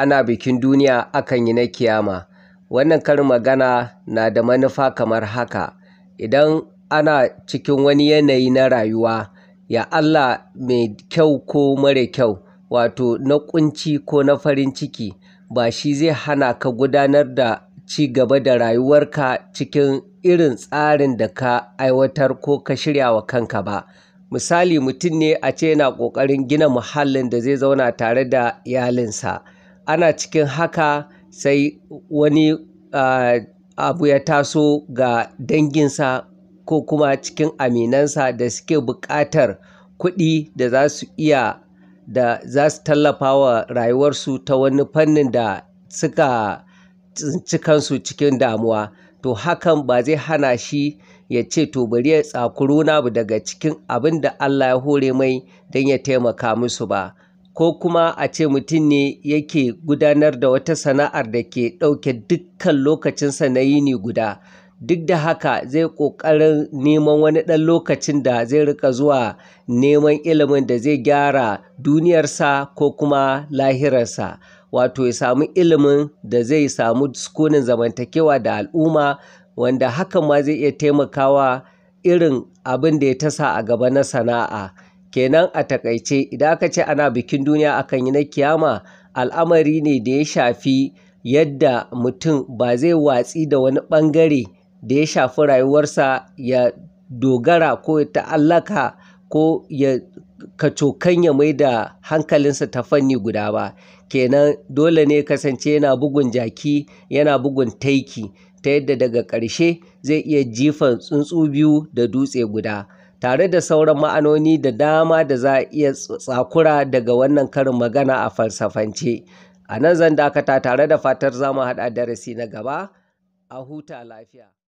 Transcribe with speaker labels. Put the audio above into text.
Speaker 1: ana bikin duniya akan yi na kiyama. Wannan karin magana na da manufa kamar haka: idan ana cikin wani yanayi na rayuwa, ya Allah mai kyau ko mara kyau, wato na ƙunci ko na farin ciki, ba shi zai hana ka gudanar da ci gaba da rayuwarka cikin irin tsarin da ka aiwatar ko ka shirya wa kanka ba. Misali mutum ne a ce yana ƙoƙarin gina muhallin da zai zauna tare da iyalinsa. ana cikin haka sai wani abu ya taso ga danginsa ko kuma cikin aminansa da suke buƙatar kuɗi da za su iya da za su tallafa wa rayuwarsu ta wani fannin da suka tsinci kansu cikin damuwa to hakan ba zai hana shi ya ce to bari ya tsakuri wani daga cikin abin da Allah ya hore mai don ya taimaka musu ba ko kuma a ce mutum ne yake gudanar da wata sana'ar da ke ɗauke dukkan lokacinsa na yini guda duk da haka zai ƙoƙarin neman wani ɗan lokacin da zai rika zuwa neman ilimin da zai gyara duniyarsa ko kuma lahirarsa wato ya samu ilimin da zai samu sukunin zamantakewa da al'umma wanda hakan ma zai iya taimakawa irin abin da ya tasa a gaba na sana'a kenan a takaice idan aka ce ana bikin duniya akan yi na kiyama al'amari ne da ya shafi yadda mutum ba zai watsi da wani ɓangare da ya shafi rayuwarsa ya dogara ko ya ta'allaka ko ya kacokan ya mai da hankalinsa ta fanni guda ba kenan dole ne kasance yana bugun jaki yana bugun taiki ta yadda daga ƙarshe zai iya jifan tsuntsu biyu da dutse guda tare da sauran ma'anoni da dama da za a iya tsakura daga wannan karin magana a falsafance. A nan zan dakata tare da fatar za haɗa darasi na gaba, a huta lafiya.